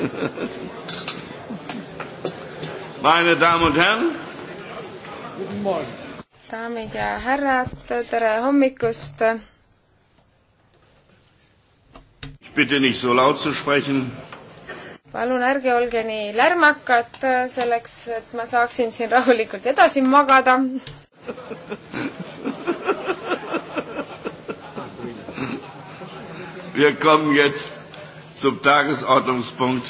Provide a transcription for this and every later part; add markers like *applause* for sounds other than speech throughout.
*laughs* Meine Damen und Herren. Guten Morgen. daamid ja härrad, tere hommikust. Bitte nicht so laut zu sprechen. palun ärge olge nii lärmakad selleks, et ma saaksin siin rahulikult edasi magada Wir kommen jetzt zum Tagesordnungspunkt.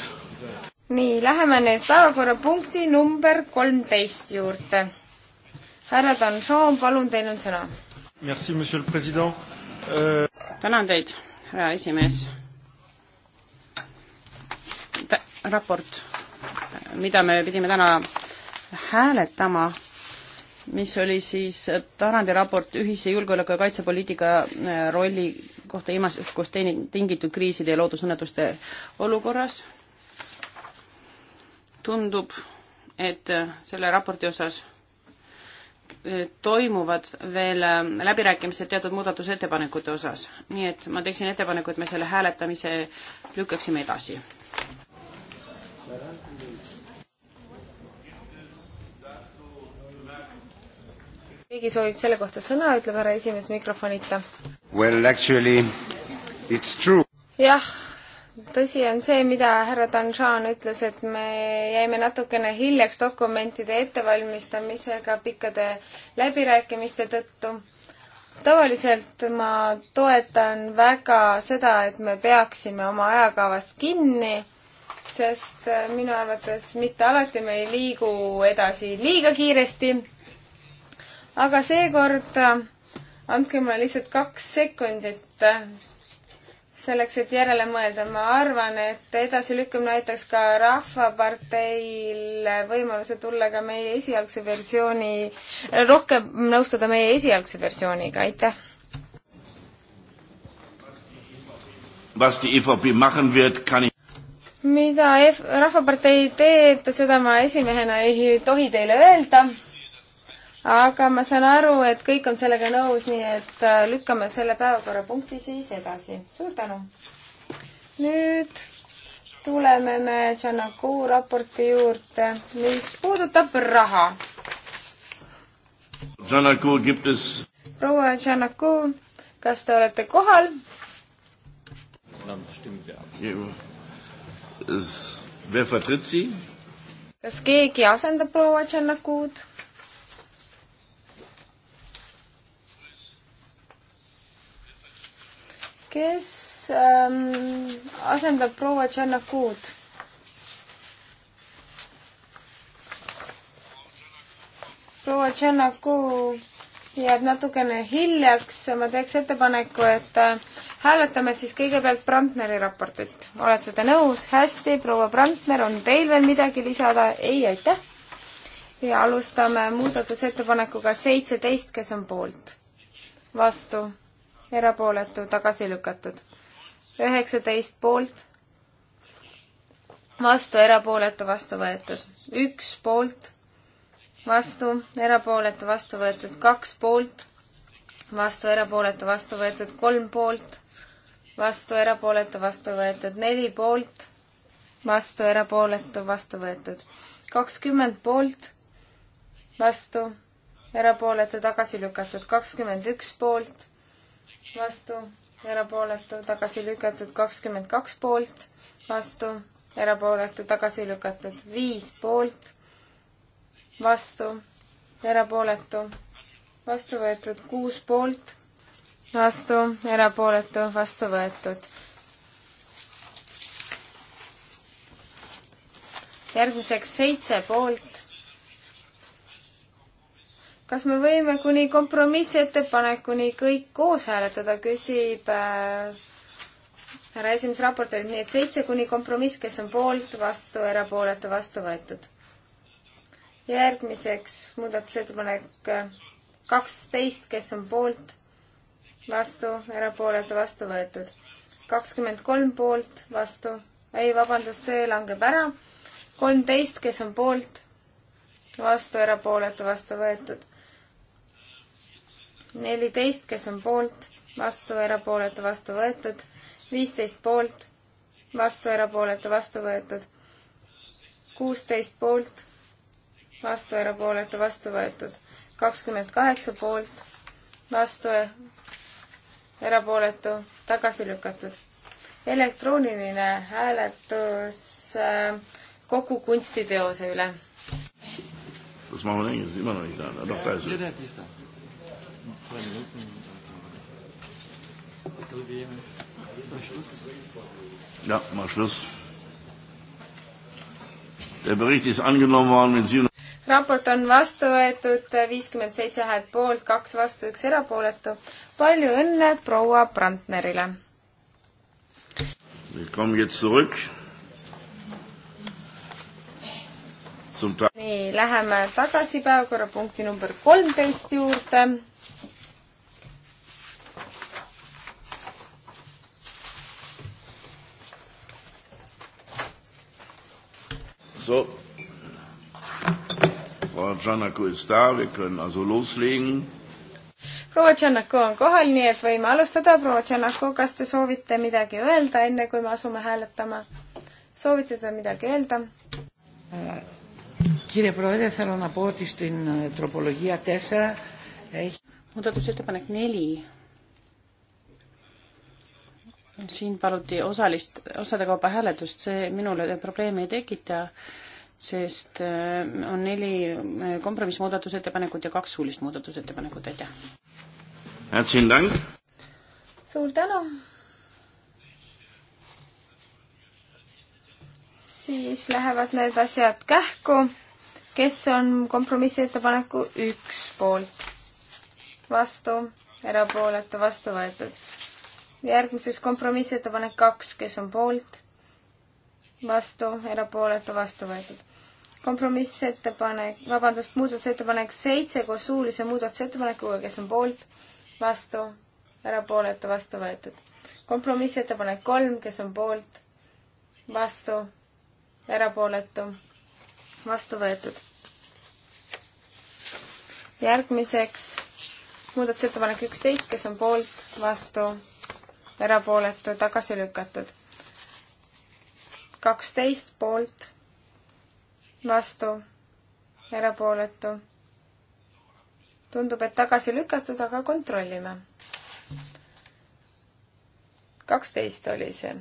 nii, läheme nüüd päevakorrapunkti number kolmteist juurde. härra Danchon, palun, teil on sõna. Merci, monsieur le president euh.... tänan teid, härra esimees T. raport, mida me pidime täna hääletama, mis oli siis Tarandi raport ühise julgeoleku- ja kaitsepoliitika äh, rolli kohta ilmastikust tingitud kriiside ja loodusõnnetuste olukorras. tundub, et äh, selle raporti osas äh, toimuvad veel äh, läbirääkimised teatud muudatusettepanekute osas, nii et ma teeksin ettepaneku, et me selle hääletamise lükkaksime edasi. keegi soovib selle kohta sõna, ütleb härra esimees mikrofonita. Well, actually, it's true. jah, tõsi on see, mida härra Danjan ütles, et me jäime natukene hiljaks dokumentide ettevalmistamisega pikkade läbirääkimiste tõttu. tavaliselt ma toetan väga seda, et me peaksime oma ajakavast kinni, sest minu arvates mitte alati me ei liigu edasi liiga kiiresti. aga seekord andke mulle lihtsalt kaks sekundit äh, selleks, et järele mõelda. ma arvan, et edasilükkumine aitaks ka Rahvaparteil võimaluse tulla ka meie esialgse versiooni, rohkem nõustuda meie esialgse versiooniga, aitäh! was die EVP machen wird, kann ich mida F Rahvapartei teeb, seda ma esimehena ei tohi teile öelda aga ma saan aru, et kõik on sellega nõus, nii et äh, lükkame selle päevakorrapunkti siis edasi. suur tänu! nüüd tuleme me Tšernakuu raporti juurde, mis puudutab raha. proua Tšernakuu, kas te olete kohal? kas keegi asendab proua Tšernakuud? kes ähm, asendab proua Tšernakuud. proua Tšernakuu jääb natukene hiljaks, ma teeks ettepaneku, et äh, hääletame siis kõigepealt Brandneri raportit. olete te nõus? hästi, proua Brandner, on teil veel midagi lisada? ei, aitäh. ja alustame muudatusettepanekuga seitseteist, kes on poolt? vastu? erapooletu, tagasi lükatud. üheksateist poolt, vastu, erapooletu, vastu võetud. üks poolt, vastu, erapooletu, vastu võetud. kaks poolt, vastu, erapooletu, vastu võetud. kolm poolt, vastu, erapooletu, vastu võetud. neli poolt, vastu, erapooletu, vastu võetud. kakskümmend poolt, vastu, erapooletu, tagasi lükatud. kakskümmend üks poolt vastu, erapooletu, tagasi lükatud kakskümmend kaks poolt, vastu, erapooletu, tagasi lükatud viis poolt, vastu, erapooletu, vastu võetud kuus poolt, vastu, erapooletu, vastu võetud. järgmiseks seitse poolt, kas me võime kuni kompromissettepanekuni kõik koos hääletada, küsib äh, härra äh, esimees raportööri, nii et seitse kuni kompromiss, kes on poolt, vastu, erapooletu, vastu võetud. järgmiseks muudatusettepanek äh, kaksteist, kes on poolt, vastu, erapooletu, vastu võetud. kakskümmend kolm poolt, vastu, ei vabandust, see langeb ära. kolmteist, kes on poolt, vastu, erapooletu, vastu võetud neliteist, kes on poolt, vastu, erapooletu, vastu võetud. viisteist poolt, vastu, erapooletu, vastu võetud. kuusteist poolt, vastu, erapooletu, vastu võetud. kakskümmend kaheksa poolt, vastu, erapooletu, tagasi lükatud. elektrooniline hääletus äh, kogu kunstiteose üle. kas ma olen, ma olen, ma olen, ma olen, ma olen zwei Minuten. Äh, ja, mal Schluss. Der Bericht ist angenommen worden mit 7 raport on vastu võetud, viiskümmend seitse häält poolt, kaks vastu, üks erapooletu. palju õnne proua Brandnerile! nii, läheme tagasi päevakorrapunkti number kolmteist juurde So, Frau Giannaku ist da, wir können also loslegen. proua Giannaku on kohal, nii et võime alustada. proua Giannaku, kas te soovite midagi öelda, enne kui me asume hääletama? soovite te midagi öelda? Κύριε Πρόεδρε, θέλω να πω ότι στην τροπολογία 4 έχει... Muudatusettepanek neli siin paluti osalist, osade kaupa hääletust, see minule probleemi ei tekita, sest äh, on neli äh, kompromissmuudatusettepanekut ja kaks suulist muudatusettepanekut, aitäh! suur tänu! siis lähevad need asjad kähku, kes on kompromissettepaneku üks poolt, vastu, erapooletu, vastu võetud järgmises kompromissettepanek kaks, kes on poolt, vastu, erapooletu, vastu võetud. kompromissettepanek, vabandust, muudatusettepanek seitse koos suulise muudatusettepanekuga, kes on poolt, vastu, erapooletu, vastu võetud. kompromissettepanek kolm, kes on poolt, vastu, erapooletu, vastu võetud. järgmiseks muudatusettepanek üksteist, kes on poolt, vastu erapooletu, tagasi lükatud. kaksteist poolt, vastu, erapooletu. tundub, et tagasi lükatud, aga kontrollime. kaksteist oli see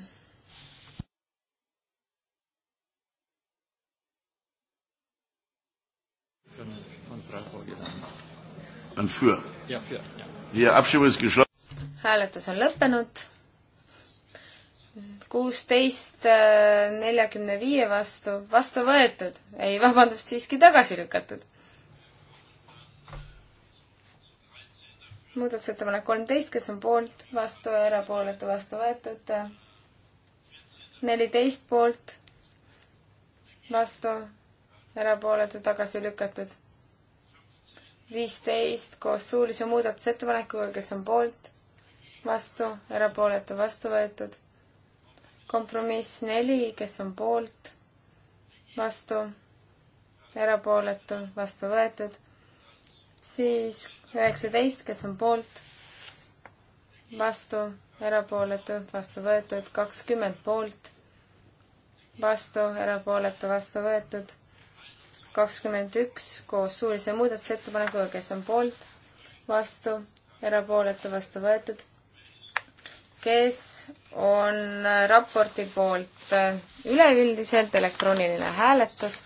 Dann für. Ja, für. Ja. Die Abstimmung ist geschlossen hääletus on lõppenud. kuusteist äh, neljakümne viie vastu, vastu võetud. ei, vabandust, siiski tagasi lükatud. muudatusettepanek kolmteist, kes on poolt, vastu, erapooletu, vastu võetud. neliteist poolt, vastu, erapooletu, tagasi lükatud viisteist koos suulise muudatusettepanekuga, kes on poolt, vastu, erapooletu, vastu võetud. kompromiss neli, kes on poolt, vastu, erapooletu, vastu võetud. siis üheksateist, kes on poolt, vastu, erapooletu, vastu võetud, kakskümmend poolt, vastu, erapooletu, vastu võetud kakskümmend üks koos suulise muudatusettepanekuga, kes on poolt, vastu, erapooletu, vastu võetud kes on raporti poolt äh, üleüldiselt elektrooniline hääletus.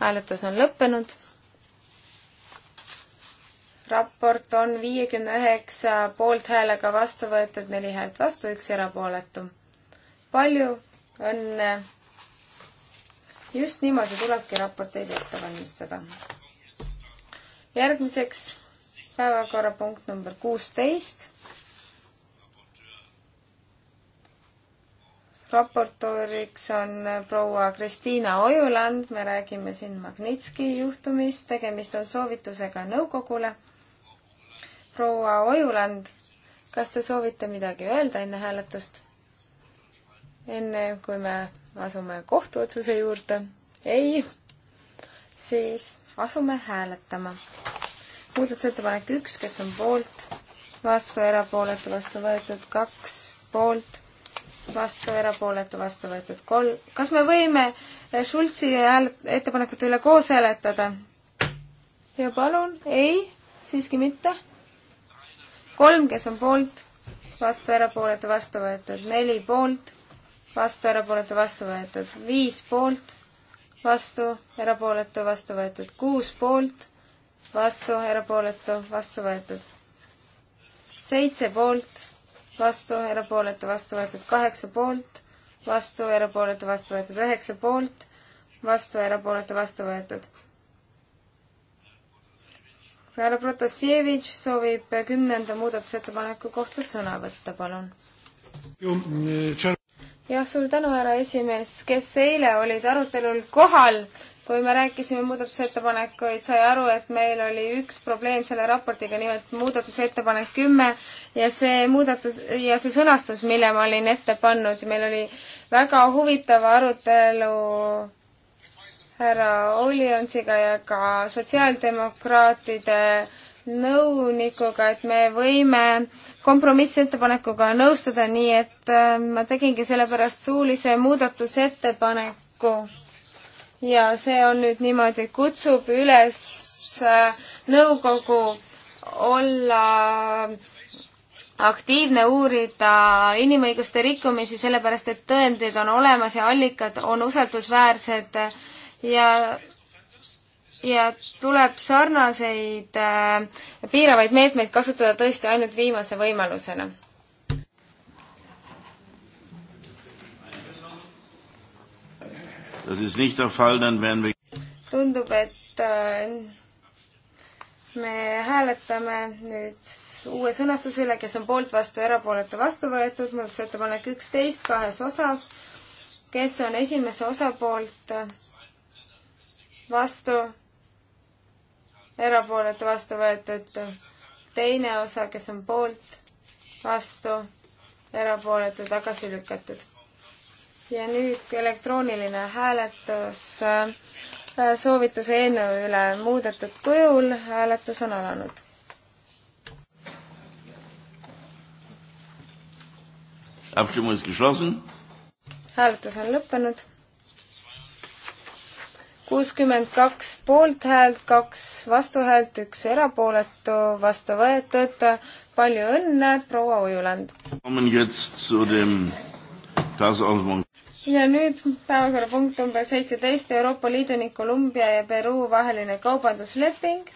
hääletus on lõppenud. raport on viiekümne üheksa poolthäälega vastu võetud, neli häält vastu, üks erapooletu. palju õnne just niimoodi tulebki raporteid ette valmistada. järgmiseks päevakorrapunkt number kuusteist. raportööriks on proua Kristiina Ojuland, me räägime siin Magnitski juhtumist, tegemist on soovitusega nõukogule. proua Ojuland, kas te soovite midagi öelda enne hääletust? enne kui me asume kohtuotsuse juurde? ei. siis asume hääletama. muudatusettepanek üks, kes on poolt, vastu, erapooletu, vastu võetud, kaks, poolt, vastu, erapooletu, vastu võetud, kolm. kas me võime eh, Schultzi hääl-, ettepanekute üle koos hääletada? ja palun, ei, siiski mitte. kolm, kes on poolt, vastu, erapooletu, vastu võetud, neli poolt, vastu, erapooletu, vastu võetud viis poolt, vastu, erapooletu, vastu võetud kuus poolt, vastu, erapooletu, vastu võetud seitse poolt, vastu, erapooletu, vastu võetud kaheksa poolt, vastu, erapooletu, vastu võetud üheksa poolt, vastu, erapooletu, vastu võetud. härra Protasevitš soovib kümnenda muudatusettepaneku kohta sõna võtta, palun jah, suur tänu, härra esimees, kes eile olid arutelul kohal, kui me rääkisime muudatusettepanekuid, sai aru, et meil oli üks probleem selle raportiga, nimelt muudatusettepanek kümme ja see muudatus ja see sõnastus, mille ma olin ette pannud, meil oli väga huvitav arutelu härra Olionsiga ja ka sotsiaaldemokraatide äh, nõunikuga, et me võime kompromissettepanekuga nõustuda, nii et äh, ma tegingi sellepärast suulise muudatusettepaneku. ja see on nüüd niimoodi, kutsub üles äh, nõukogu olla aktiivne uurida inimõiguste rikkumisi, sellepärast et tõendid on olemas ja allikad on usaldusväärsed ja ja tuleb sarnaseid äh, piiravaid meetmeid kasutada tõesti ainult viimase võimalusena. tundub, et äh, me hääletame nüüd uue sõnastuse üle, kes on poolt, vastu, erapooletu, vastu võetud, muudatusettepanek üksteist kahes osas, kes on esimese osa poolt, vastu erapooletu vastu võetud. teine osa, kes on poolt, vastu, erapooletu, tagasi lükatud. ja nüüd elektrooniline hääletus äh, soovituse eelnõu üle muudetud kujul. hääletus on alanud. hääletus on lõppenud kuuskümmend kaks poolthäält, kaks vastuhäält, üks erapooletu, vastu võetud. palju õnne, proua Ujuland! ja nüüd päevakorrapunkt number seitseteist, Euroopa Liidu ning Kolumbia ja Peruu vaheline kaubandusleping.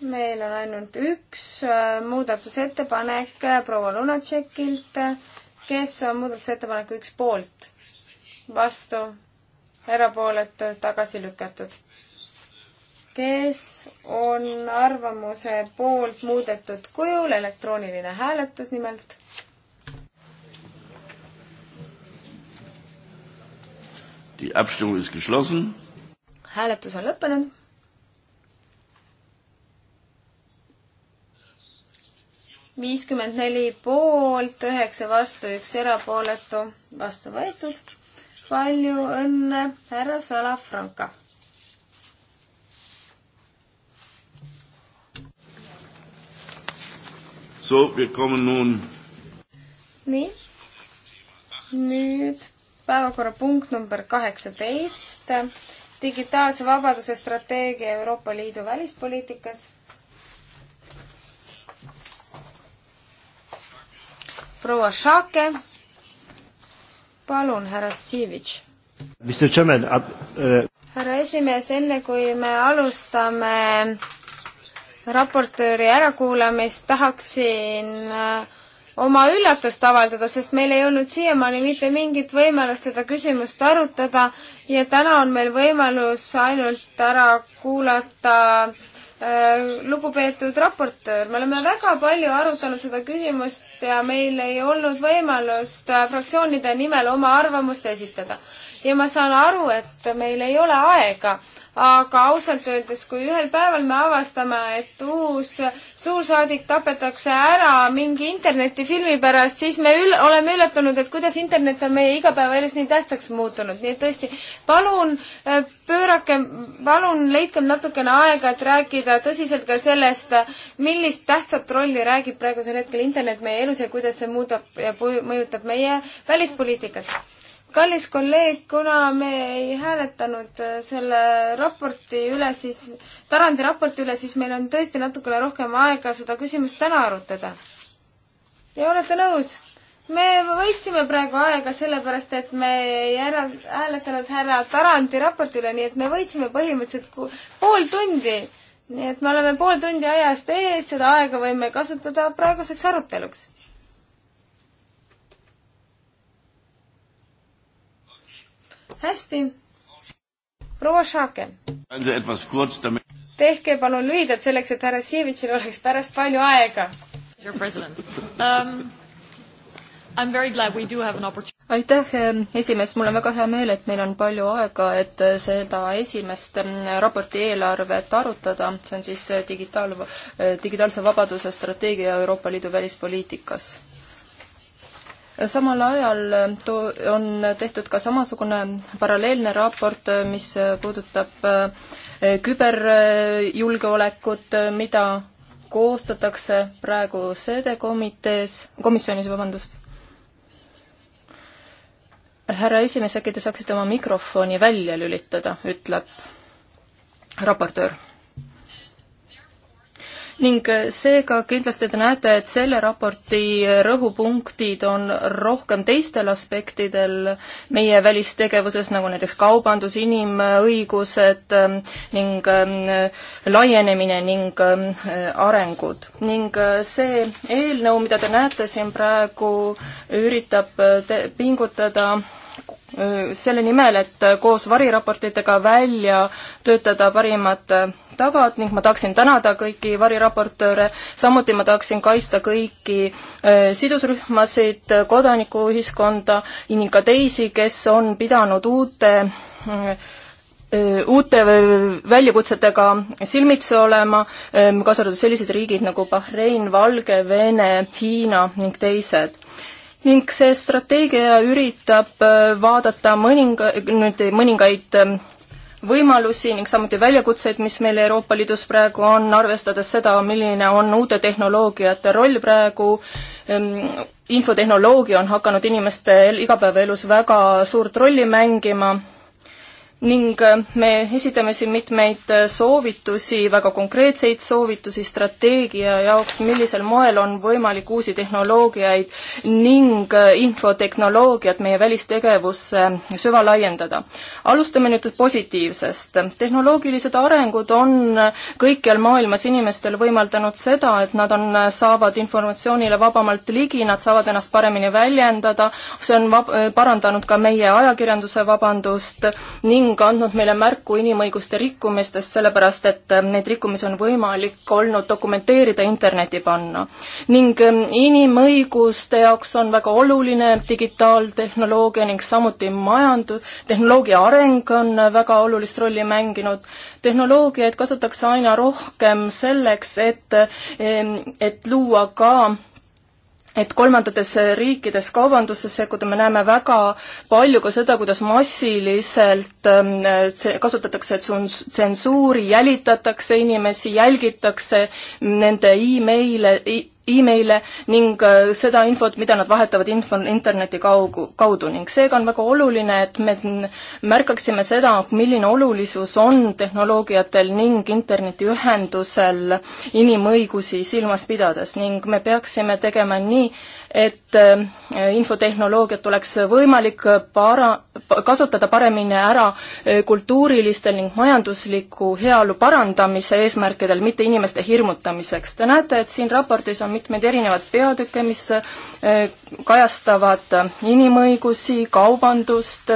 meil on ainult üks äh, muudatusettepanek äh, proua Lunatšekilt kes on muudatusettepaneku üks poolt? vastu, erapooletu, tagasi lükatud. kes on arvamuse poolt muudetud kujul, elektrooniline hääletus nimelt? hääletus on lõppenud viiskümmend neli poolt, üheksa vastu, üks erapooletu, vastu võetud. palju õnne, härra Salafranca! So, wir kommen nun. nii, nüüd päevakorrapunkt number kaheksateist, digitaalse vabaduse strateegia Euroopa Liidu välispoliitikas proua Šake. palun, härra Sivitš. Äh, härra esimees, enne kui me alustame raportööri ärakuulamist, tahaksin äh, oma üllatust avaldada, sest meil ei olnud siiamaani mitte mingit võimalust seda küsimust arutada ja täna on meil võimalus ainult ära kuulata äh, Äh, lugupeetud raportöör, me oleme väga palju arutanud seda küsimust ja meil ei olnud võimalust äh, fraktsioonide nimel oma arvamust esitada. ja ma saan aru, et meil ei ole aega aga ausalt öeldes, kui ühel päeval me avastame, et uus suursaadik tapetakse ära mingi internetifilmi pärast, siis me ül-, oleme üllatunud, et kuidas internet on meie igapäevaelus nii tähtsaks muutunud, nii et tõesti, palun äh, pöörake, palun leidkem natukene aega, et rääkida tõsiselt ka sellest, millist tähtsat rolli räägib praegusel hetkel internet meie elus ja kuidas see muudab ja mõjutab meie välispoliitikat kallis kolleeg, kuna me ei hääletanud äh, selle raporti üle, siis, Tarandi raporti üle, siis meil on tõesti natukene rohkem aega seda küsimust täna arutada. ja olete nõus? me võitsime praegu aega sellepärast, et me ei ära, hääletanud härra Tarandi raporti üle, nii et me võitsime põhimõtteliselt pool tundi. nii et me oleme pool tundi ajast ees, seda aega võime kasutada praeguseks aruteluks hästi. proua Šake. tehke palun lühidalt selleks, et härra Sivitšil oleks pärast palju aega. Your president um,. I am very glad we do have an opportunity aitäh, ähm, esimees, mul on väga hea meel, et meil on palju aega, et äh, seda esimest ähm, raporti eelarvet arutada, see on siis äh, digitaal, äh, digitaalse vabaduse strateegia Euroopa Liidu välispoliitikas samal ajal äh, on tehtud ka samasugune paralleelne raport, äh, mis äh, puudutab küberjulgeolekut, mida koostatakse praegu SEDE komitees, komisjonis, vabandust. härra esimees, äkki te saaksite oma mikrofoni välja lülitada, ütleb raportöör ning äh, seega kindlasti te näete, et selle raporti äh, rõhupunktid on rohkem teistel aspektidel meie välistegevuses, nagu näiteks kaubandus, inimõigused ähm, ning ähm, laienemine ning ähm, arengud. ning äh, see eelnõu, mida te näete siin praegu, üritab pingutada selle nimel, et koos variraportitega välja töötada parimad tavad ning ma tahaksin tänada kõiki variraportööre, samuti ma tahaksin kaitsta kõiki äh, sidusrühmasid, kodanikuühiskonda ning ka teisi, kes on pidanud uute äh, uute väljakutsetega silmitsi olema, äh, kaasa arvatud sellised riigid nagu Bahrein, Valgevene, Hiina ning teised ning see strateegia üritab äh, vaadata mõninga, nüüd mõningaid ähm, võimalusi ning samuti väljakutseid, mis meil Euroopa Liidus praegu on, arvestades seda, milline on uute tehnoloogiate roll praegu, ähm, infotehnoloogia on hakanud inimeste igapäevaelus väga suurt rolli mängima ning äh, me esitame siin mitmeid äh, soovitusi, väga konkreetseid soovitusi strateegia jaoks, millisel moel on võimalik uusi tehnoloogiaid ning äh, infotehnoloogiat meie välistegevusse süvalaiendada. alustame nüüd positiivsest. tehnoloogilised arengud on kõikjal maailmas inimestel võimaldanud seda, et nad on, saavad informatsioonile vabamalt ligi, nad saavad ennast paremini väljendada, see on vab-, parandanud ka meie ajakirjanduse vabandust ning ning andnud meile märku inimõiguste rikkumistest, sellepärast et ähm, neid rikkumisi on võimalik olnud dokumenteerida, interneti panna. ning ähm, inimõiguste jaoks on väga oluline digitaaltehnoloogia ning samuti majand-, tehnoloogia areng on väga olulist rolli mänginud, tehnoloogiaid kasutatakse aina rohkem selleks, et, ähm, et luua ka et kolmandates riikides kaubandusse sekkuda, me näeme väga palju ka seda, kuidas massiliselt ähm, kasutatakse tsensuuri, jälitatakse inimesi, jälgitakse nende email'e e, emaile ning äh, seda infot, mida nad vahetavad info, interneti kaugu, kaudu ning seega on väga oluline, et me märkaksime seda, milline olulisus on tehnoloogiatel ning internetiühendusel inimõigusi silmas pidades ning me peaksime tegema nii, et äh, infotehnoloogiat oleks võimalik para-, kasutada paremini ära äh, kultuurilistel ning majandusliku heaolu parandamise eesmärkidel, mitte inimeste hirmutamiseks. Te näete, et siin raportis on mitmeid erinevaid peatükke, mis äh, kajastavad inimõigusi, kaubandust,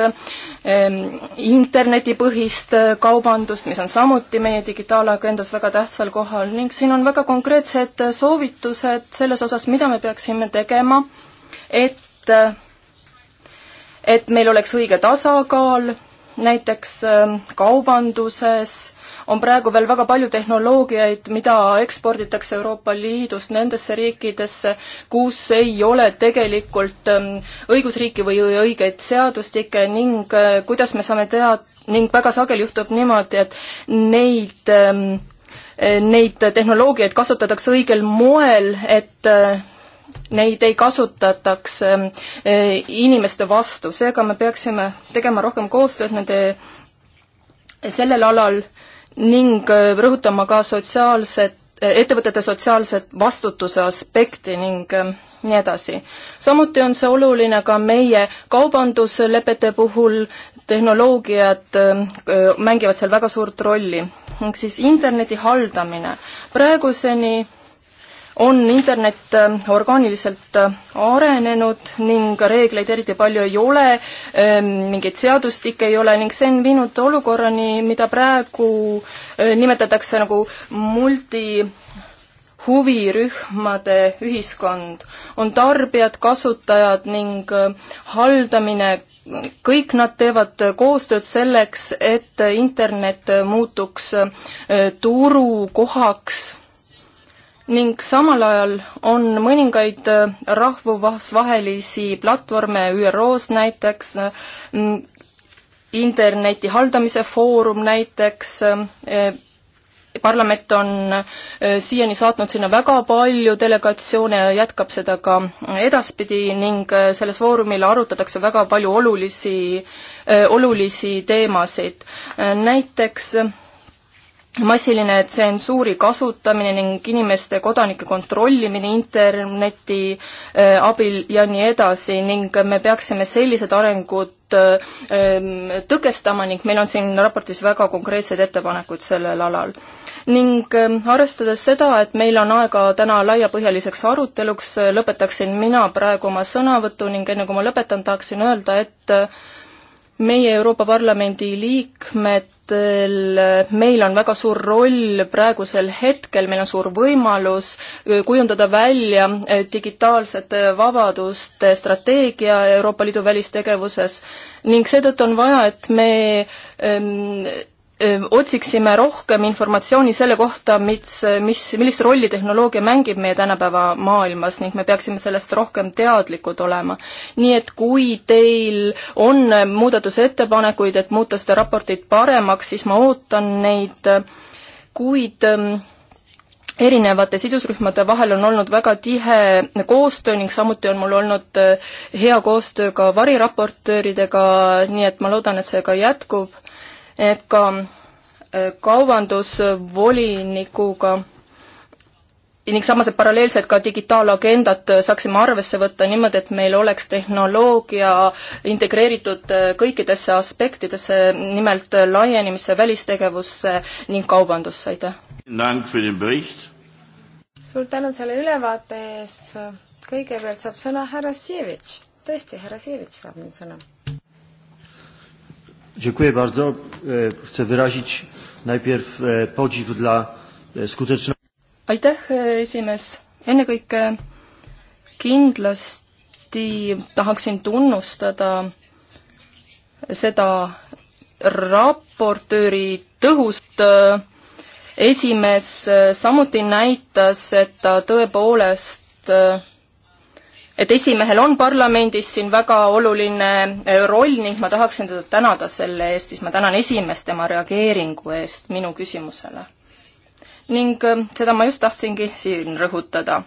internetipõhist äh, kaubandust, mis on samuti meie digitaalagendas väga tähtsal kohal ning siin on väga konkreetsed äh, soovitused selles osas, mida me peaksime tegema, et, äh, et meil oleks õige tasakaal näiteks ähm, kaubanduses on praegu veel väga palju tehnoloogiaid, mida eksporditakse Euroopa Liidust nendesse riikidesse, kus ei ole tegelikult ähm, õigusriiki või õigeid seadustikke ning äh, kuidas me saame teada, ning väga sageli juhtub niimoodi, et neid ähm, äh, Neid tehnoloogiaid kasutatakse õigel moel, et äh, neid ei kasutataks ähm, äh, inimeste vastu, seega me peaksime tegema rohkem koostööd nende sellel alal ning äh, rõhutama ka sotsiaalset, äh, ettevõtete sotsiaalset vastutuse aspekti ning ähm, nii edasi. samuti on see oluline ka meie kaubanduslepete puhul, tehnoloogiad ähm, mängivad seal väga suurt rolli. ehk siis interneti haldamine. praeguseni on internet äh, orgaaniliselt äh, arenenud ning reegleid eriti palju ei ole, ähm, mingeid seadustikke ei ole ning see on viinud olukorrani, mida praegu äh, nimetatakse nagu multi huvirühmade ühiskond. on tarbijad, kasutajad ning haldamine, kõik nad teevad koostööd selleks, et internet muutuks turukohaks ning samal ajal on mõningaid äh, rahvusvahelisi platvorme ÜRO-s näiteks, interneti haldamise foorum näiteks, äh, parlament on äh, siiani saatnud sinna väga palju delegatsioone ja jätkab seda ka edaspidi ning selles foorumil arutatakse väga palju olulisi, olulisi teemasid. näiteks massiline tsensuuri kasutamine ning inimeste, kodanike kontrollimine interneti äh, abil ja nii edasi ning me peaksime sellised arengud ähm, tõkestama ning meil on siin raportis väga konkreetsed ettepanekud sellel alal ning ähm, arvestades seda, et meil on aega täna laiapõhjaliseks aruteluks, äh, lõpetaksin mina praegu oma sõnavõtu ning enne kui ma lõpetan, tahaksin öelda, et äh, meie Euroopa Parlamendi liikmed andmetel eh, meil on väga suur roll praegusel hetkel, meil on suur võimalus eh, kujundada välja eh, digitaalsete vabaduste strateegia Euroopa Liidu välistegevuses ning seetõttu on vaja, et me ehm, otsiksime rohkem informatsiooni selle kohta, mis, mis, millist rolli tehnoloogia mängib meie tänapäeva maailmas ning me peaksime sellest rohkem teadlikud olema. nii et kui teil on muudatusettepanekuid, et muuta seda raportit paremaks, siis ma ootan neid, kuid erinevate sidusrühmade vahel on olnud väga tihe koostöö ning samuti on mul olnud hea koostöö ka variraportööridega, nii et ma loodan, et see ka jätkub et ka äh, kaubandusvolinikuga ning samas, et paralleelselt ka digitaalagendat äh, saaksime arvesse võtta niimoodi, et meil oleks tehnoloogia integreeritud äh, kõikidesse aspektidesse, nimelt laienemisse, välistegevusse ning kaubandusse, aitäh! suur tänu selle ülevaate eest, kõigepealt saab sõna härra Sievitš, tõesti, härra Sievitš saab nüüd sõna Dziękuję bardzo. E, chcę wyrazić najpierw e, podziw dla e, skuteczności. aitäh, esimees. ennekõike kindlasti tahaksin tunnustada seda raportööri tõhust esimees samuti näitas, et ta tõepoolest et esimehel on parlamendis siin väga oluline äh, roll ning ma tahaksin teda tänada selle eest, siis ma tänan esimeest tema reageeringu eest minu küsimusele. ning äh, seda ma just tahtsingi siin rõhutada.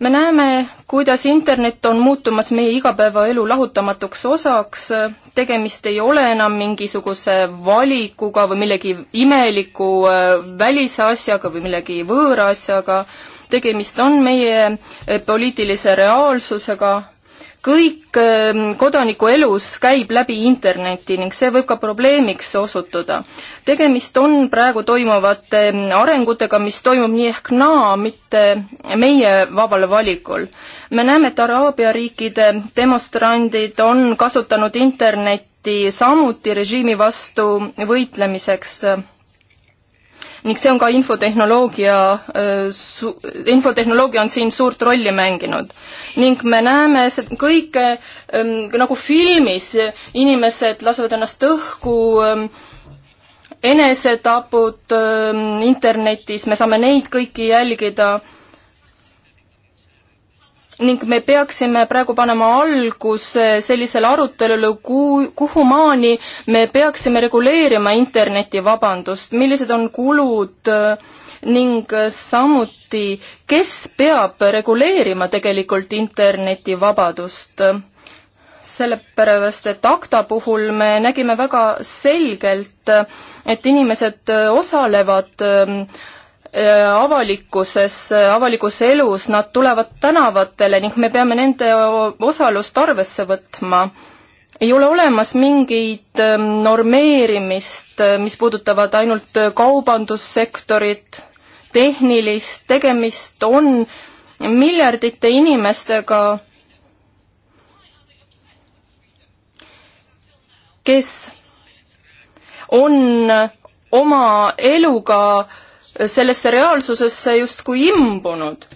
me näeme, kuidas internet on muutumas meie igapäevaelu lahutamatuks osaks, tegemist ei ole enam mingisuguse valikuga või millegi imeliku äh, välise asjaga või millegi võõra asjaga, tegemist on meie eh, poliitilise reaalsusega, kõik eh, kodaniku elus käib läbi interneti ning see võib ka probleemiks osutuda. tegemist on praegu toimuvate eh, arengutega, mis toimub nii ehk naa, mitte meie vabal valikul. me näeme, et Araabia riikide demonstrandid on kasutanud internetti samuti režiimi vastu võitlemiseks ning see on ka infotehnoloogia, äh, infotehnoloogia on siin suurt rolli mänginud. ning me näeme kõike ähm, nagu filmis, inimesed lasevad ennast õhku, ähm, enesetapud ähm, internetis, me saame neid kõiki jälgida ning me peaksime praegu panema alguse sellisele arutelule, kuhu, kuhumaani me peaksime reguleerima internetivabandust, millised on kulud ning samuti, kes peab reguleerima tegelikult internetivabadust. sellepärast, et akta puhul me nägime väga selgelt, et inimesed osalevad äh, Äh, avalikkuses, äh, avalikus elus, nad tulevad tänavatele ning me peame nende osalust arvesse võtma. ei ole olemas mingit ähm, normeerimist, äh, mis puudutavad ainult kaubandussektorit, tehnilist, tegemist on miljardite inimestega, kes on oma eluga äh, sellesse reaalsusesse justkui imbunud.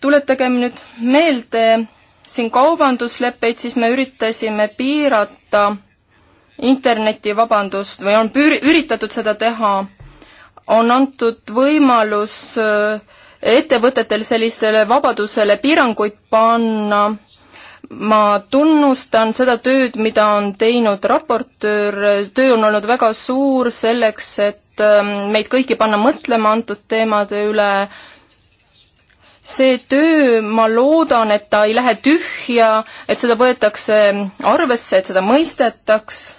tuletagem nüüd meelde siin kaubandusleppeid, siis me üritasime piirata internetivabandust või on püür-, üritatud seda teha, on antud võimalus äh, ettevõtetel sellisele vabadusele piiranguid panna ma tunnustan seda tööd, mida on teinud raportöör, töö on olnud väga suur selleks, et ähm, meid kõiki panna mõtlema antud teemade üle. see töö, ma loodan, et ta ei lähe tühja, et seda võetakse arvesse, et seda mõistetaks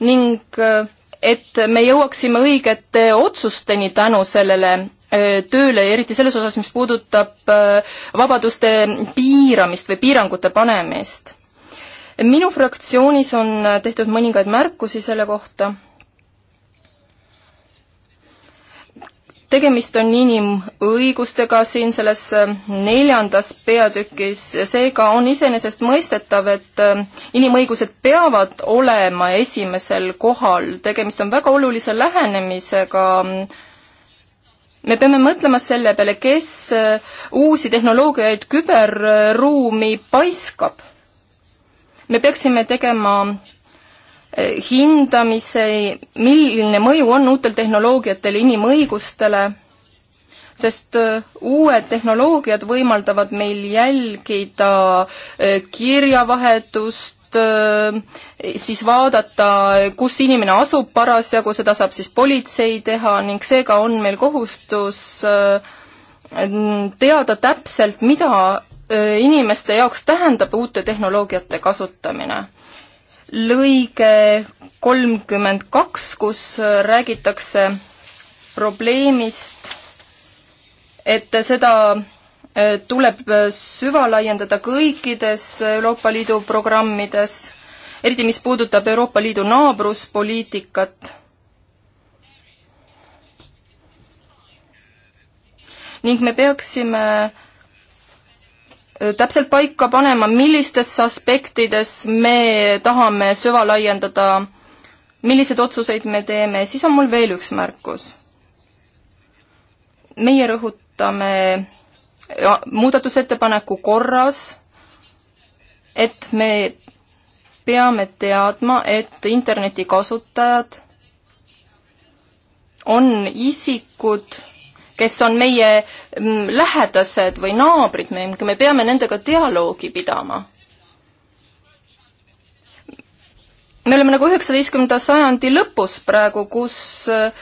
ning äh, et me jõuaksime õigete otsusteni tänu sellele Äh, tööle ja eriti selles osas, mis puudutab äh, vabaduste piiramist või piirangute panemist. minu fraktsioonis on äh, tehtud mõningaid märkusi selle kohta. tegemist on inimõigustega siin selles neljandas peatükis, seega on iseenesestmõistetav, et inimõigused peavad olema esimesel kohal, tegemist on väga olulise lähenemisega äh, me peame mõtlema selle peale, kes äh, uusi tehnoloogiaid küberruumi paiskab. me peaksime tegema äh, hindamise, milline mõju on uutel tehnoloogiatel inimõigustele, sest äh, uued tehnoloogiad võimaldavad meil jälgida kirjavahetust, Äh, siis vaadata, kus inimene asub parasjagu, seda saab siis politsei teha ning seega on meil kohustus äh, teada täpselt, mida äh, inimeste jaoks tähendab uute tehnoloogiate kasutamine. lõige kolmkümmend kaks, kus räägitakse probleemist, et seda Äh, tuleb äh, süvalaiendada kõikides Euroopa Liidu programmides, eriti mis puudutab Euroopa Liidu naabruspoliitikat. ning me peaksime äh, täpselt paika panema, millistes aspektides me tahame süvalaiendada, milliseid otsuseid me teeme, siis on mul veel üks märkus. meie rõhutame muudatusettepaneku korras, et me peame teadma, et internetikasutajad on isikud, kes on meie mm, lähedased või naabrid, me, me peame nendega dialoogi pidama. me oleme nagu üheksateistkümnenda sajandi lõpus praegu, kus äh,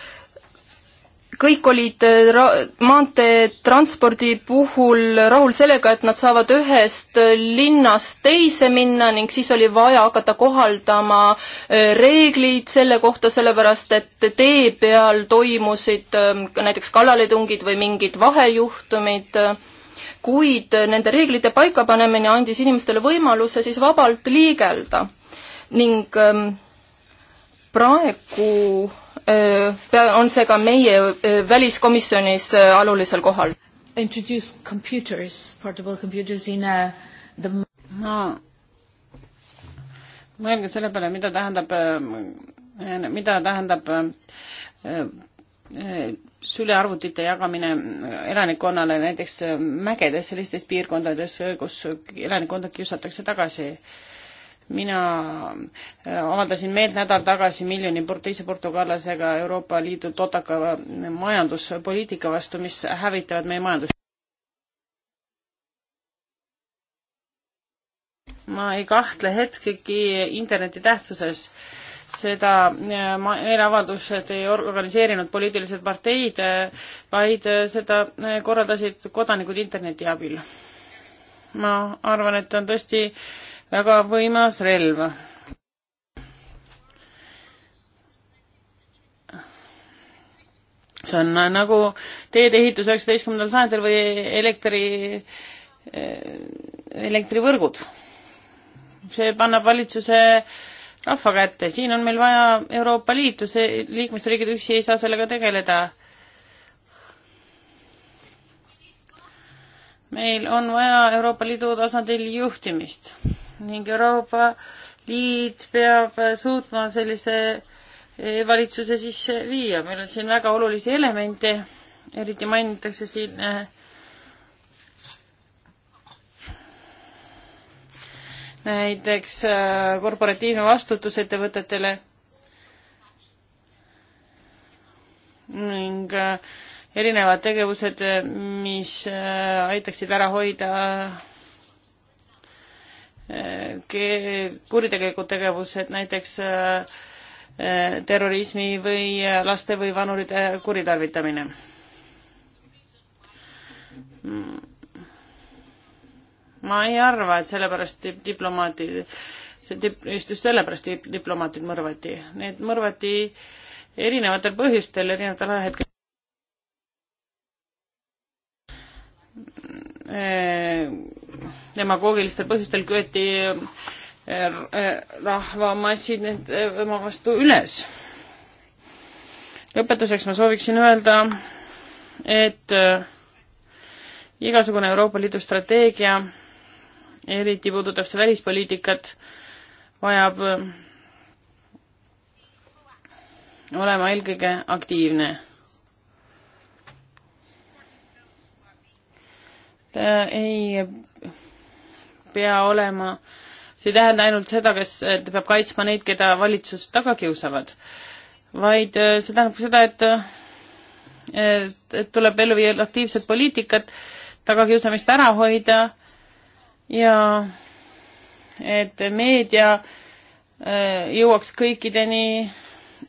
kõik olid äh, maanteetranspordi puhul rahul sellega, et nad saavad ühest äh, linnast teise minna ning siis oli vaja hakata kohaldama äh, reegleid selle kohta, sellepärast et tee peal toimusid ähm, näiteks kallaletungid või mingid vahejuhtumid, kuid nende reeglite paikapanemine andis inimestele võimaluse siis vabalt liigelda ning ähm, praegu Äh, on see ka meie äh, väliskomisjonis olulisel äh, kohal. Introduce computers, portable computers in a, uh, the ma mõelge selle peale, mida tähendab, mida tähendab sülearvutite jagamine elanikkonnale näiteks mägedes, sellistes piirkondades, kus elanikkonda kiusatakse tagasi mina äh, avaldasin meelt nädal tagasi miljoni teise portugallasega Euroopa Liidu totaka majanduspoliitika vastu, mis hävitavad meie majandust. ma ei kahtle hetkegi interneti tähtsuses. seda äh, meeleavaldused ei organiseerinud poliitilised parteid, äh, vaid seda korraldasid kodanikud interneti abil. ma arvan, et on tõesti äh, väga võimas relv. see on nagu teedeehitus üheksateistkümnendal sajandil või elektri, eh, elektrivõrgud. see pannab valitsuse rahva kätte, siin on meil vaja Euroopa Liitu, see liikmesriigid üksi ei saa sellega tegeleda meil on vaja Euroopa Liidu tasandil juhtimist ning Euroopa Liit peab suutma sellise valitsuse sisse viia. meil on siin väga olulisi elemente, eriti mainitakse siin äh, näiteks äh, korporatiivne vastutus ettevõtetele ning äh, erinevad tegevused, mis aitaksid ära hoida kuritegelikud tegevused, näiteks äh, äh, terrorismi või äh, laste või vanurite kuritarvitamine. Mm. ma ei arva, et sellepärast diplomaatid, see dip-, just just sellepärast diplomaatid mõrvati. Need mõrvati erinevatel põhjustel, erinevatel ajahetkedel demagoogilistel põhjustel köeti äh, äh, rahvamassid nende äh, vastu üles. lõpetuseks ma sooviksin öelda, et igasugune Euroopa Liidu strateegia, eriti puudutab see välispoliitikat, vajab olema eelkõige aktiivne Äh, ei pea olema, see ei tähenda ainult seda, kes peab kaitsma neid, keda valitsus taga kiusavad, vaid äh, see tähendab seda, et äh, et tuleb ellu viia aktiivset poliitikat, tagakiusamist ära hoida ja et meedia jõuaks kõikideni,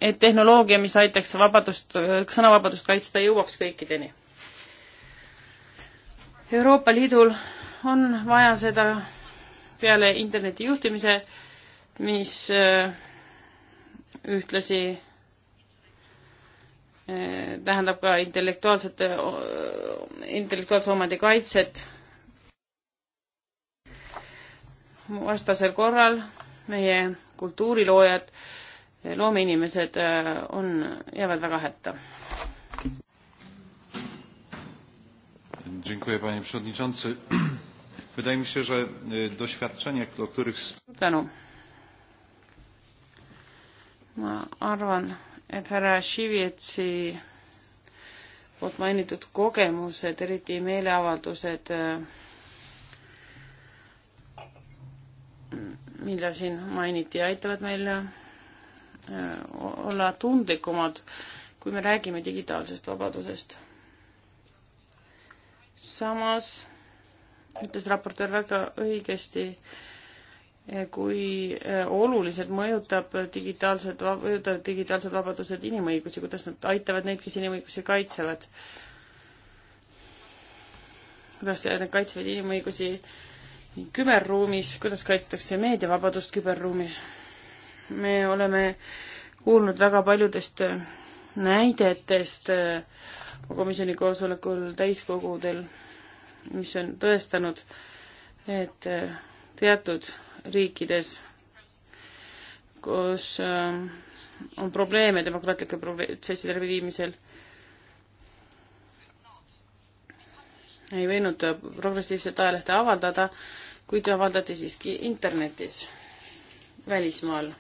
et tehnoloogia, mis aitaks vabadust, sõnavabadust kaitsta, jõuaks kõikideni Euroopa Liidul on vaja seda peale interneti juhtimise, mis äh, ühtlasi äh, tähendab ka intellektuaalsete, äh, intellektuaalse omandi kaitset. vastasel korral meie kultuuriloojad, loomeinimesed on, jäävad väga hätta Dziękuję panie przewodniczący. *clears throat* Wydaje mi się, że e, doświadczenia, o których... Tänu. Ma arvan, et härra Šivietsi poolt mainitud kogemused, eriti meeleavaldused, e, mida siin mainiti, aitavad meil e, olla tundlikumad, kui me räägime digitaalsest vabadusest samas ütles raportöör väga õigesti, eh, kui eh, oluliselt mõjutab digitaalsed, mõjutavad digitaalsed vabadused inimõigusi, kuidas nad aitavad neid, kes inimõigusi kaitsevad. kuidas nad kaitsevad inimõigusi küberruumis, kuidas kaitstakse meediavabadust küberruumis. me oleme kuulnud väga paljudest eh, näidetest äh, komisjoni koosolekul täiskogudel, mis on tõestanud, et äh, teatud riikides, kus äh, on probleeme demokraatlike protsesside läbiviimisel, ei võinud progressiivset ajalehte avaldada, kuid avaldati siiski internetis välismaal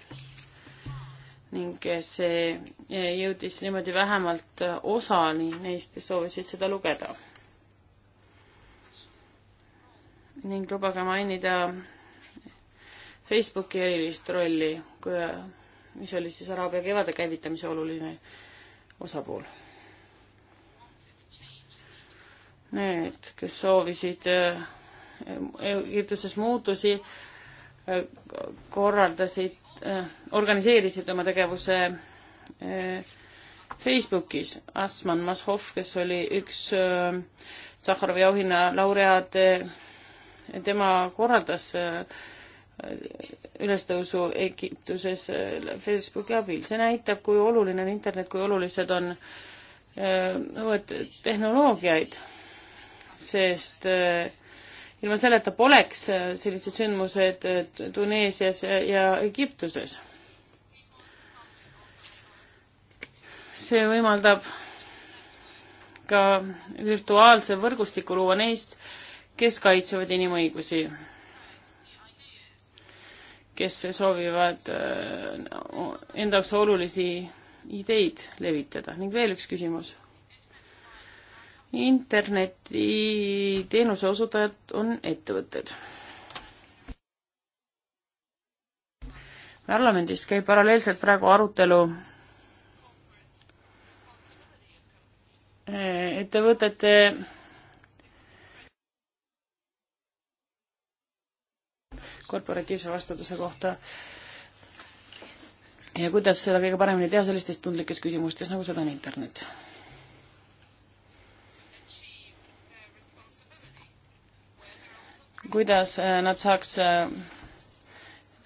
ning see jõudis niimoodi vähemalt osani neist, kes soovisid seda lugeda. ning lubage mainida Facebooki erilist rolli, kui, mis oli siis Araabia kevade käivitamise oluline osapool. Need, kes soovisid eh, Egiptuses muutusi, eh, korraldasid Äh, organiseerisid oma tegevuse äh, Facebookis. Asman Mashov, kes oli üks äh, Sahharovi auhinna laureaat, tema korraldas ülestõusu Egiptuses Facebooki abil. see näitab, kui oluline on internet, kui olulised on uued tehnoloogiaid, sest öö, ilma selleta poleks äh, sellised sündmused äh, Tuneesias ja Egiptuses. see võimaldab ka virtuaalse võrgustiku luua neist, kes kaitsevad inimõigusi, kes soovivad äh, enda jaoks olulisi ideid levitada ning veel üks küsimus internetiteenuse osutajad on ettevõtted. parlamendis käib paralleelselt praegu arutelu eh, ettevõtete korporatiivse vastutuse kohta ja kuidas seda kõige paremini teha sellistes tundlikes küsimustes, nagu seda on internet kuidas äh, nad saaks, äh,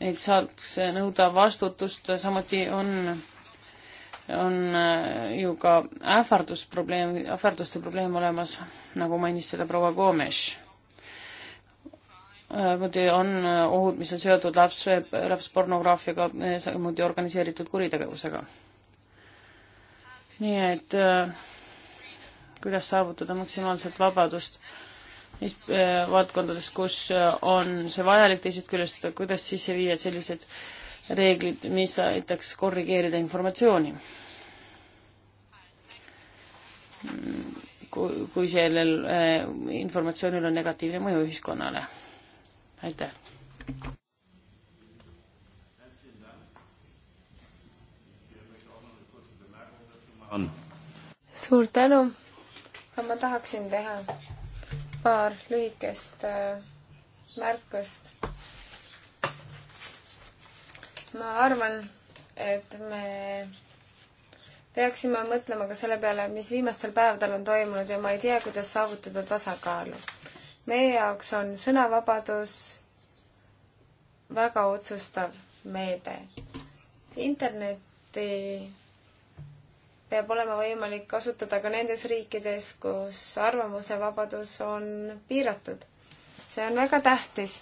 neid saaks nõuda vastutust, samuti on, on äh, ju ka ähvardusprobleem, ähvarduste probleem olemas, nagu mainis seda proua Gomes. muidu on ohud, mis on seotud laps, lapspornograafiaga, samuti organiseeritud kuritegevusega. nii et kuidas saavutada maksimaalset vabadust mis äh, valdkondades, kus äh, on see vajalik, teisest küljest, kuidas sisse viia sellised reeglid, mis aitaks korrigeerida informatsiooni. kui, kui sellel äh, informatsioonil on negatiivne mõju ühiskonnale. aitäh! suur tänu! ma tahaksin teha paar lühikest äh, märkust. ma arvan, et me peaksime mõtlema ka selle peale, mis viimastel päevadel on toimunud ja ma ei tea, kuidas saavutada tasakaalu. meie jaoks on sõnavabadus väga otsustav meede. Interneti peab olema võimalik kasutada ka nendes riikides, kus arvamusevabadus on piiratud. see on väga tähtis.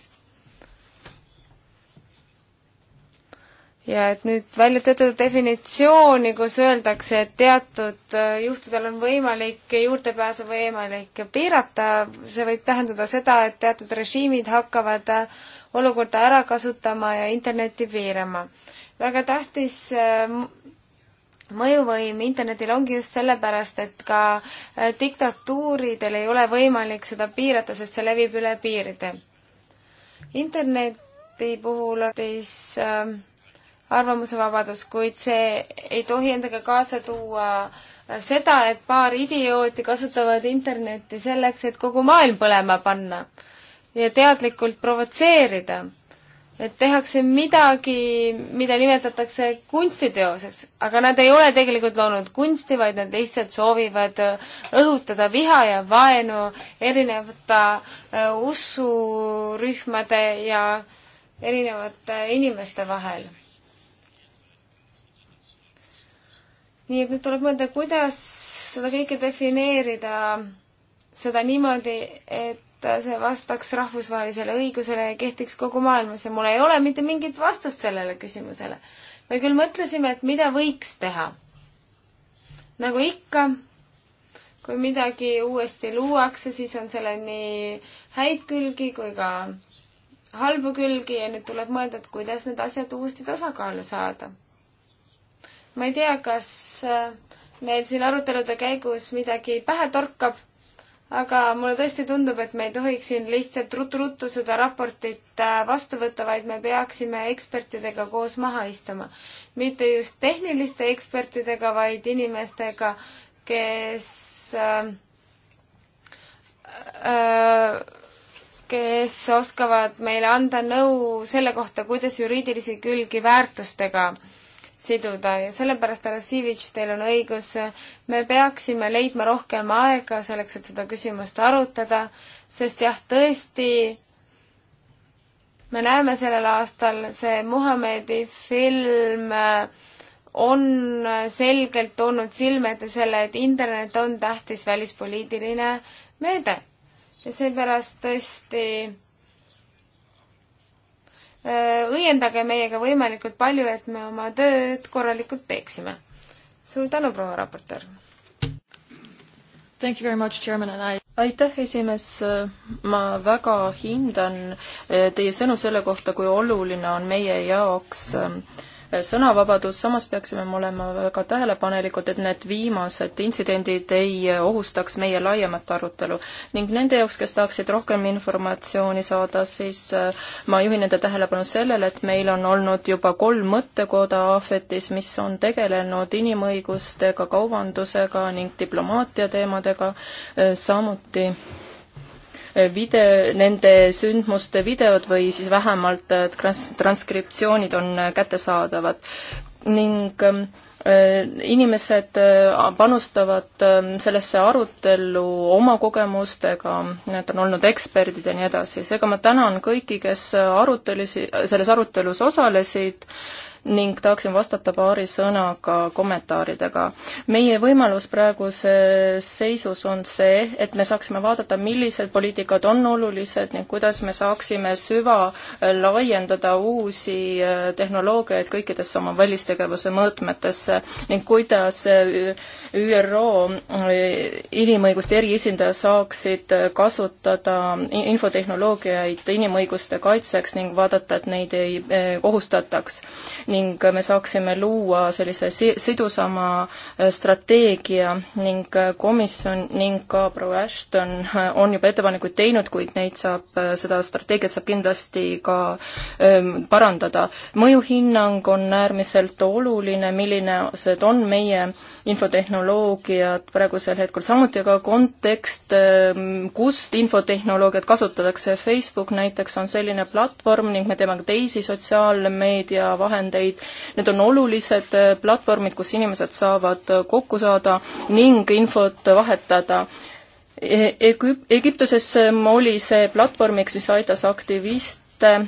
ja et nüüd välja töötada definitsiooni, kus öeldakse, et teatud äh, juhtudel on võimalik juurdepääsu võimalik piirata, see võib tähendada seda, et teatud režiimid hakkavad äh, olukorda ära kasutama ja internetti piirama. väga tähtis äh, mõjuvõim internetil ongi just sellepärast, et ka äh, diktatuuridel ei ole võimalik seda piirata, sest see levib üle piiride. interneti puhul on siis äh, arvamusevabadus, kuid see ei tohi endaga kaasa tuua äh, seda, et paar idiooti kasutavad internetti selleks, et kogu maailm põlema panna ja teadlikult provotseerida et tehakse midagi, mida nimetatakse kunstiteoseks, aga nad ei ole tegelikult loonud kunsti, vaid nad lihtsalt soovivad äh, õhutada viha ja vaenu erinevate äh, usurühmade ja erinevate inimeste vahel. nii et nüüd tuleb mõelda, kuidas seda kõike defineerida, seda niimoodi, et et see vastaks rahvusvahelisele õigusele ja kehtiks kogu maailmas ja mul ei ole mitte mingit vastust sellele küsimusele. me küll mõtlesime, et mida võiks teha. nagu ikka, kui midagi uuesti luuakse, siis on sellel nii häid külgi kui ka halbu külgi ja nüüd tuleb mõelda, et kuidas need asjad uuesti tasakaalu saada. ma ei tea, kas äh, meil siin arutelude käigus midagi pähe torkab aga mulle tõesti tundub, et me ei tohiks siin lihtsalt ruttu-ruttu seda raportit äh, vastu võtta, vaid me peaksime ekspertidega koos maha istuma. mitte just tehniliste ekspertidega, vaid inimestega, kes äh, äh, kes oskavad meile anda nõu selle kohta, kuidas juriidilisi külgi väärtustega äh, siduda ja sellepärast, härra Sivitš, teil on õigus, me peaksime leidma rohkem aega selleks, et seda küsimust arutada, sest jah, tõesti, me näeme sellel aastal, see Muhamedi film äh, on äh, selgelt toonud silme ette selle, et internet on tähtis välispoliitiline meede ja seepärast tõesti Äh, õiendage meiega võimalikult palju, et me oma tööd korralikult teeksime. suur tänu, proua raportöör! Thank you very much, Chairman and I aitäh, esimees, ma väga hindan äh, teie sõnu selle kohta, kui oluline on meie jaoks äh, sõnavabadus, samas peaksime me olema väga tähelepanelikud, et need viimased intsidendid ei ohustaks meie laiemat arutelu. ning nende jaoks, kes tahaksid rohkem informatsiooni saada, siis äh, ma juhin nende tähelepanu sellele, et meil on olnud juba kolm mõttekoda Ahvetis, mis on tegelenud inimõigustega, kaubandusega ning diplomaatia teemadega, äh, samuti video, nende sündmuste videod või siis vähemalt äh, trans-, transkriptsioonid on äh, kättesaadavad. ning ähm, äh, inimesed panustavad ähm, sellesse arutellu oma kogemustega, nad on olnud eksperdid ja nii edasi, seega ma tänan kõiki, kes arutelisi, selles arutelus osalesid ning tahaksin vastata paari sõnaga kommentaaridega. meie võimalus praeguses seisus on see, et me saaksime vaadata, millised poliitikad on olulised ning kuidas me saaksime süva laiendada uusi äh, tehnoloogiaid kõikidesse oma välistegevuse mõõtmetesse ning kuidas äh, ÜRO äh, inimõiguste eriesindaja saaksid kasutada infotehnoloogiaid inimõiguste kaitseks ning vaadata, et neid ei kohustataks ning me saaksime luua sellise si-, sidusama äh, strateegia ning äh, komisjon ning ka proua Ashton äh, on juba ettepanekuid teinud, kuid neid saab, seda strateegiat saab kindlasti ka ähm, parandada. mõjuhinnang on äärmiselt oluline, millised on meie infotehnoloogiad praegusel hetkel, samuti aga kontekst, ähm, kust infotehnoloogiat kasutatakse, Facebook näiteks on selline platvorm ning me teeme ka teisi sotsiaalmeedia vahendeid, teenuseid. Need on olulised äh, platvormid, kus inimesed saavad äh, kokku saada ning infot vahetada e. Egüp-, Egiptuses ähm, oli see platvormiks, mis aitas aktivist äh,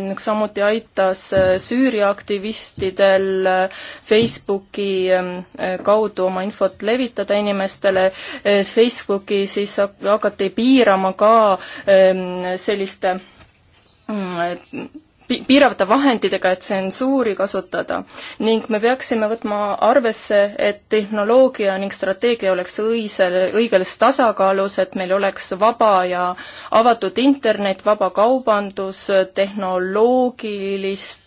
ning samuti aitas Süüria aktivistidel Facebooki ähm, kaudu oma infot levitada inimestele. Facebooki siis hakati piirama ka ähm, selliste mm, piiravate vahenditega, et tsensuuri kasutada. ning me peaksime võtma arvesse, et tehnoloogia ning strateegia oleks õisel, õiges tasakaalus, et meil oleks vaba ja avatud internet, vaba kaubandus, tehnoloogilist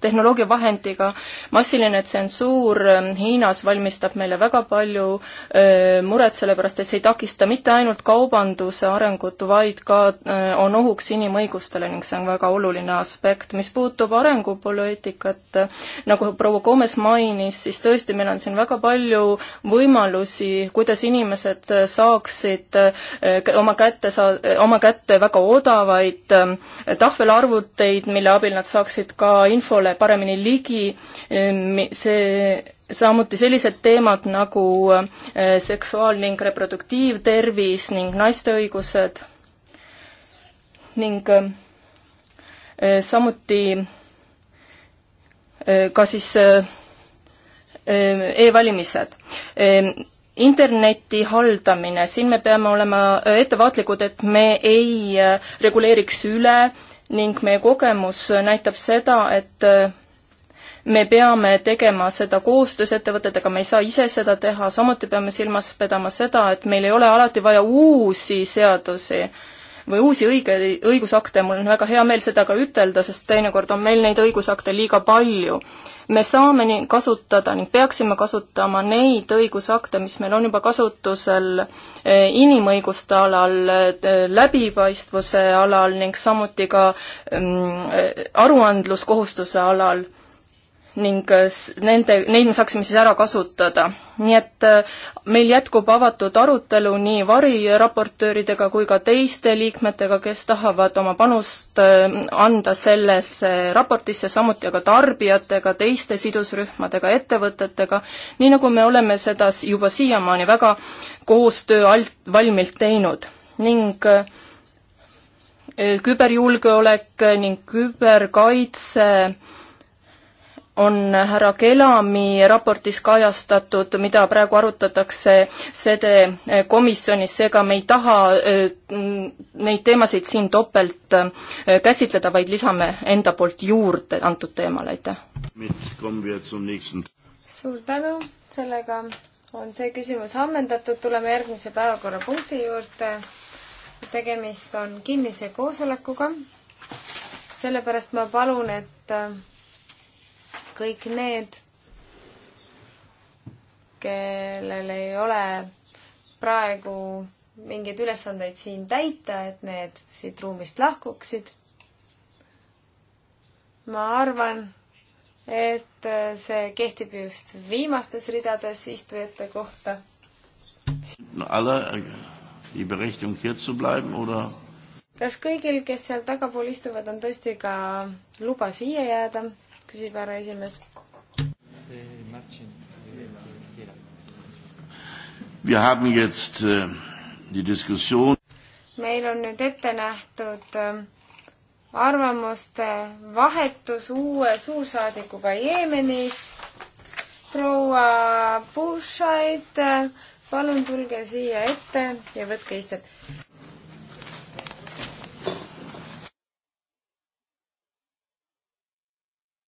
tehnoloogiavahendiga. massiline tsensuur ähm, Hiinas valmistab meile väga palju äh, muret, sellepärast et see ei takista mitte ainult kaubanduse arengut, vaid ka äh, on ohuks inimõigustele ning see on väga oluline aspekt. mis puutub arengupoliitikat, äh, nagu proua Gomes mainis, siis tõesti, meil on siin väga palju võimalusi, kuidas inimesed saaksid oma kätte saa-, oma kätte väga odavaid tahvelarvuteid, mille abil nad saaksid ka ka infole paremini ligi, ehm, see samuti sellised teemad nagu eh, seksuaal- ning reproduktiivtervis ning naiste õigused ning eh, samuti eh, ka siis e-valimised. Ehm, interneti haldamine, siin me peame olema ettevaatlikud, et me ei reguleeriks üle ning meie kogemus näitab seda, et äh, me peame tegema seda koostöös ettevõtetega, me ei saa ise seda teha, samuti peame silmas pidama seda, et meil ei ole alati vaja uusi seadusi või uusi õige, õigusakte, mul on väga hea meel seda ka ütelda, sest teinekord on meil neid õigusakte liiga palju me saame nii kasutada ning peaksime kasutama neid õigusakte, mis meil on juba kasutusel eh, inimõiguste alal, eh, läbipaistvuse alal ning samuti ka mm, eh, aruandluskohustuse alal ning äh, nende, neid me saaksime siis ära kasutada. nii et äh, meil jätkub avatud arutelu nii variraportööridega kui ka teiste liikmetega, kes tahavad oma panust äh, anda sellesse raportisse, samuti aga tarbijatega, teiste sidusrühmadega, ettevõtetega, nii nagu me oleme seda juba siiamaani väga koostöö alt, valmilt teinud ning küberjulgeolek ning küberkaitse on härra Kelami raportis kajastatud, mida praegu arutatakse sede komisjonis, seega me ei taha äh, neid teemasid siin topelt äh, käsitleda, vaid lisame enda poolt juurde antud teemale, aitäh. suur tänu, sellega on see küsimus ammendatud, tuleme järgmise päevakorrapunkti juurde. tegemist on kinnise koosolekuga, sellepärast ma palun, et äh, kõik need, kellel ei ole praegu mingeid ülesandeid siin täita, et need siit ruumist lahkuksid. ma arvan, et see kehtib just viimastes ridades istujate kohta. Äh, kas kõigil, kes seal tagapool istuvad, on tõesti ka luba siia jääda? küsib härra esimees. Äh, meil on nüüd ette nähtud äh, arvamuste vahetus uue suursaadikuga Jeemenis. proua Bushait, äh, palun tulge siia ette ja võtke istet.